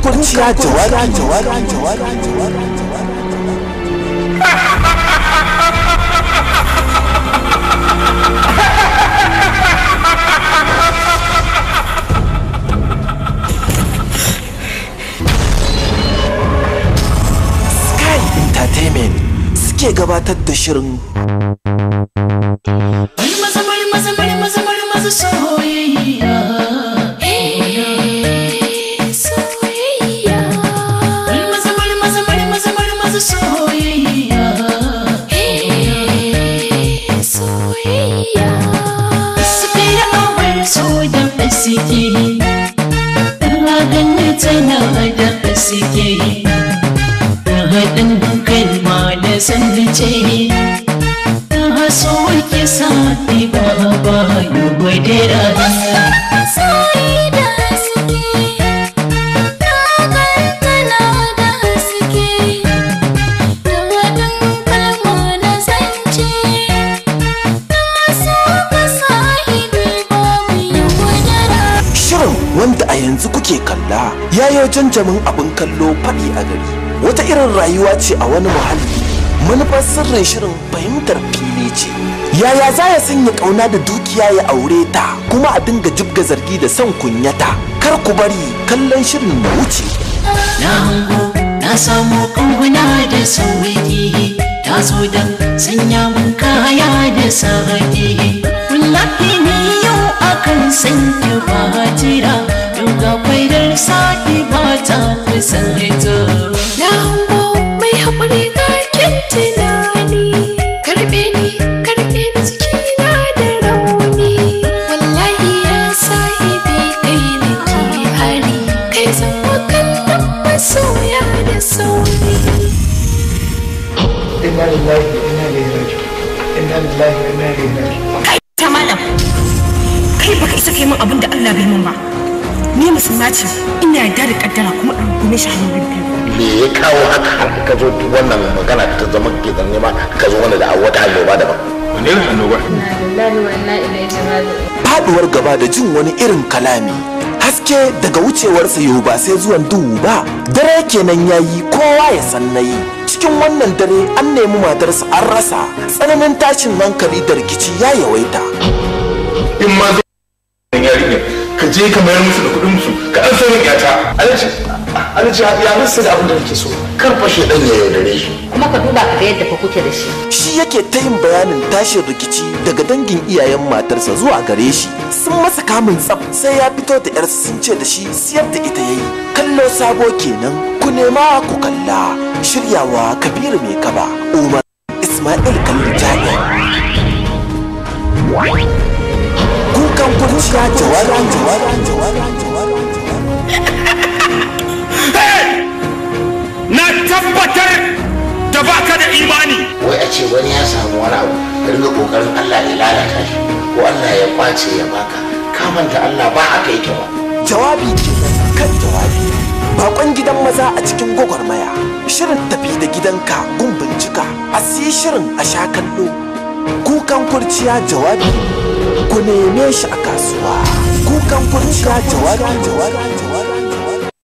kukan kurciya jawabi jawabi jawabi jawabi Sky Entertainment suke gabatar da shirin suke yi da haɗin kalma da sandice ta haso wake sa ba ba yi gwadera. ba da yanzu kuke kalla ya yayo janjamin abin kallo faɗi a gari wata irin rayuwa ce a wani muhalli manufar sirrin shirin fahimtar fili ce yaya za ya sanya ƙauna da dukiya ya aure ta kuma a dinga jibga zargi da son kunyata kar ku bari kallon shirin na wuce na hango na samu ƙunguna da sauri ta zo da sanya mun kaya da kullafi ne yau akan sanya sa'i ba ta nisan rito na hango mai haƙuri ga da inna lillahi wa inna ilaihi raji'un inna lillahi wa inna ilaihi raji'un kai ta malam kai baka isa kai min abin da Allah bai min ba ne musulma ce ina yarda da kaddara kuma in gume shi hannun me ya kawo haka ka zo wannan magana ta zama ke da nema ka zo wani da wata annoba daban wani irin annoba faduwar gaba da jin wani irin kalami haske daga wucewarsa yau ba sai zuwan duhu ba dare kenan yayi kowa ya san yi cikin wannan dare an nemi matarsa an rasa tsananin tashin hankali da rikici ya yawaita in ma je ka mayar musu da kuɗin su ka an sauran yata alhaji alhaji ya musu da abin da kake so kar fashe dan ya yaudare shi kuma ka duba ka ga yadda fa kuke da shi shi yake ta yin bayanin tashin rikici daga dangin iyayen matarsa zuwa gare shi sun masa kamun tsaf sai ya fito da yarsa sun ce da shi siyar da ita yayi kallo sabo kenan ku nema ku kalla shiryawa kabiru mai kaba umar ismail kalli jami'a kan kurciya na tabbatar da baka da imani wai a ce wani ya samu wani abu ka kokarin Allah ya lalata shi ko Allah ya kwace ya baka ka manta Allah ba a kai ba jawabi ke kan jawabi bakon gidan maza a cikin gwagwarmaya shirin tafi da gidanka gun bincika a shirin a sha kallo kukan kurciya jawabi ku neme shi a kasuwa kukan furta jawabi jawabi